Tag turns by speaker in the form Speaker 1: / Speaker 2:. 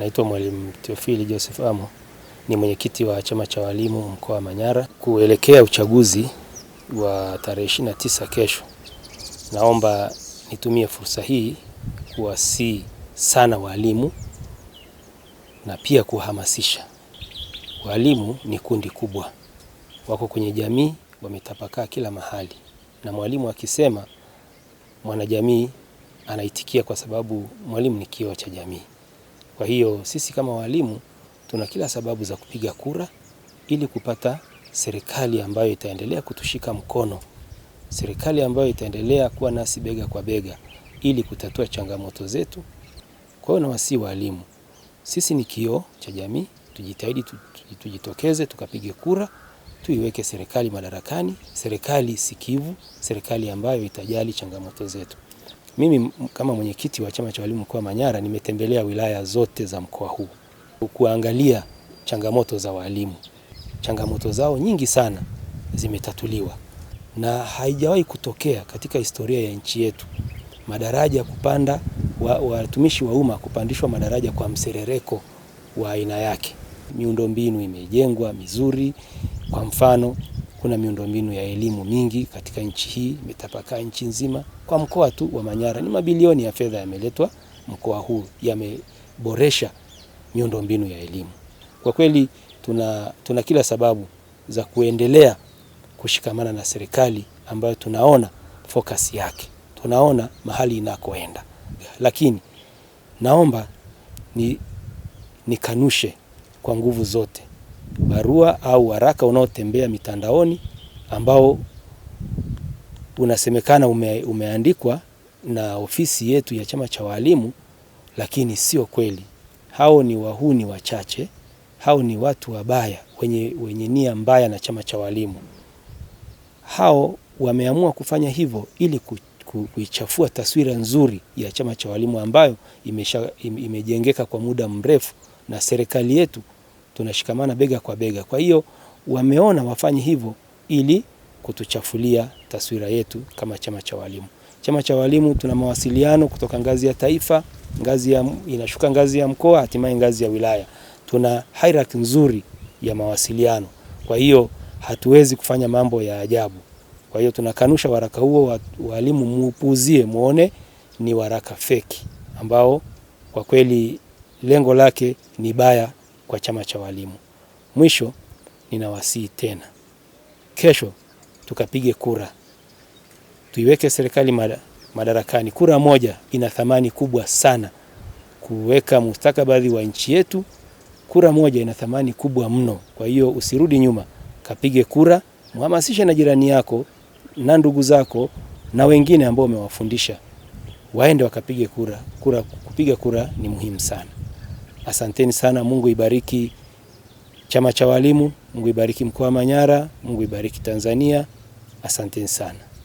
Speaker 1: Naitwa Mwalimu Teofili Joseph Amo, ni mwenyekiti wa chama cha walimu mkoa wa Manyara. Kuelekea uchaguzi wa tarehe 29 kesho, naomba nitumie fursa hii kuwasii sana walimu na pia kuhamasisha walimu. Ni kundi kubwa, wako kwenye jamii, wametapakaa kila mahali, na mwalimu akisema mwanajamii anaitikia, kwa sababu mwalimu ni kioo cha jamii. Kwa hiyo sisi kama walimu tuna kila sababu za kupiga kura ili kupata serikali ambayo itaendelea kutushika mkono, serikali ambayo itaendelea kuwa nasi bega kwa bega ili kutatua changamoto zetu. Kwa hiyo nawasi walimu, sisi ni kioo cha jamii, tujitahidi, tujitokeze tukapige kura, tuiweke serikali madarakani, serikali sikivu, serikali ambayo itajali changamoto zetu. Mimi kama mwenyekiti wa chama cha walimu mkoa Manyara nimetembelea wilaya zote za mkoa huu kuangalia changamoto za walimu. Changamoto zao nyingi sana zimetatuliwa, na haijawahi kutokea katika historia ya nchi yetu madaraja kupanda, watumishi wa, wa umma kupandishwa madaraja kwa mserereko wa aina yake. Miundombinu imejengwa mizuri, kwa mfano kuna miundombinu ya elimu mingi katika nchi hii, imetapakaa nchi nzima. Kwa mkoa tu wa Manyara ni mabilioni ya fedha yameletwa mkoa huu, yameboresha miundombinu ya elimu. Kwa kweli tuna, tuna kila sababu za kuendelea kushikamana na serikali ambayo tunaona focus yake, tunaona mahali inakoenda, lakini naomba ni nikanushe kwa nguvu zote barua au waraka unaotembea mitandaoni ambao unasemekana ume, umeandikwa na ofisi yetu ya chama cha walimu, lakini sio kweli. Hao ni wahuni wachache, hao ni watu wabaya wenye, wenye nia mbaya na chama cha walimu. Hao wameamua kufanya hivyo ili kuichafua taswira nzuri ya chama cha walimu ambayo imesha, imejengeka kwa muda mrefu na serikali yetu tunashikamana bega kwa bega. Kwa hiyo wameona wafanye hivyo ili kutuchafulia taswira yetu kama chama cha walimu. Chama cha walimu tuna mawasiliano kutoka ngazi ya taifa, ngazi ya inashuka ngazi ya mkoa, hatimaye ngazi ya wilaya. Tuna hierarchy nzuri ya mawasiliano, kwa hiyo hatuwezi kufanya mambo ya ajabu. Kwa hiyo tunakanusha waraka huo, walimu muupuzie muone ni waraka feki ambao kwa kweli lengo lake ni baya kwa chama cha walimu. Mwisho ninawasihi tena, kesho tukapige kura, tuiweke serikali madarakani. Kura moja ina thamani kubwa sana kuweka mustakabali wa nchi yetu. Kura moja ina thamani kubwa mno. Kwa hiyo usirudi nyuma, kapige kura, mhamasishe na jirani yako na ndugu zako na wengine ambao umewafundisha waende wakapige kura. Kura, kupiga kura ni muhimu sana. Asanteni sana. Mungu ibariki chama cha walimu, Mungu ibariki mkoa wa Manyara, Mungu ibariki Tanzania. Asanteni sana.